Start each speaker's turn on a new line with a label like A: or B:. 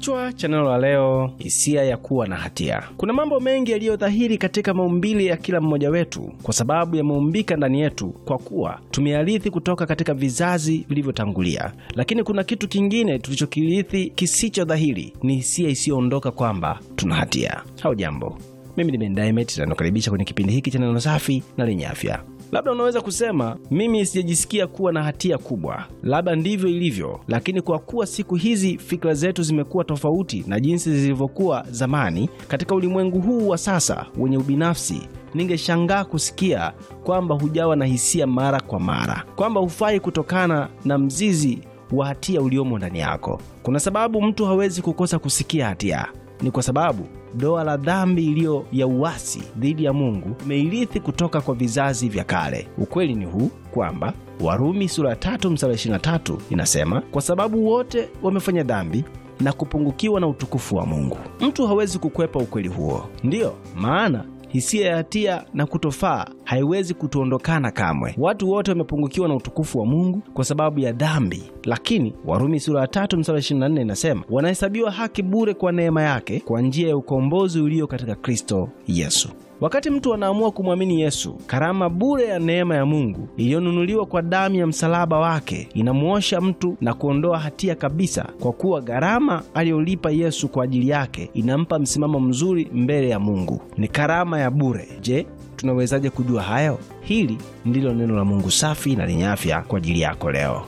A: Kichwa cha neno la leo, hisia ya kuwa na hatia. Kuna mambo mengi yaliyodhahiri katika maumbile ya kila mmoja wetu, kwa sababu yameumbika ndani yetu, kwa kuwa tumearithi kutoka katika vizazi vilivyotangulia. Lakini kuna kitu kingine tulichokirithi kisicho dhahiri, ni hisia isiyoondoka kwamba tuna hatia. Hau jambo, mimi ni Ben Daimet, kwenye kipindi hiki cha neno safi na lenye afya. Labda unaweza kusema mimi sijajisikia kuwa na hatia kubwa, labda ndivyo ilivyo, lakini kwa kuwa siku hizi fikra zetu zimekuwa tofauti na jinsi zilivyokuwa zamani, katika ulimwengu huu wa sasa wenye ubinafsi ningeshangaa kusikia kwamba hujawa na hisia mara kwa mara, kwamba hufai kutokana na mzizi wa hatia uliomo ndani yako. Kuna sababu mtu hawezi kukosa kusikia hatia, ni kwa sababu doa la dhambi iliyo ya uasi dhidi ya Mungu meirithi kutoka kwa vizazi vya kale. Ukweli ni huu kwamba Warumi sura ya 3 mstari 23 inasema, kwa sababu wote wamefanya dhambi na kupungukiwa na utukufu wa Mungu. Mtu hawezi kukwepa ukweli huo, ndiyo maana hisia ya hatia na kutofaa haiwezi kutuondokana kamwe. Watu wote wamepungukiwa na utukufu wa Mungu kwa sababu ya dhambi, lakini Warumi sura ya tatu mstari 24 inasema wanahesabiwa haki bure kwa neema yake kwa njia ya ukombozi ulio katika Kristo Yesu. Wakati mtu anaamua kumwamini Yesu, karama bure ya neema ya Mungu iliyonunuliwa kwa damu ya msalaba wake inamuosha mtu na kuondoa hatia kabisa, kwa kuwa gharama aliyolipa Yesu kwa ajili yake inampa msimamo mzuri mbele ya Mungu. Ni karama ya bure. Je, tunawezaje kujua hayo? Hili ndilo neno la Mungu safi na lenye afya kwa ajili yako leo.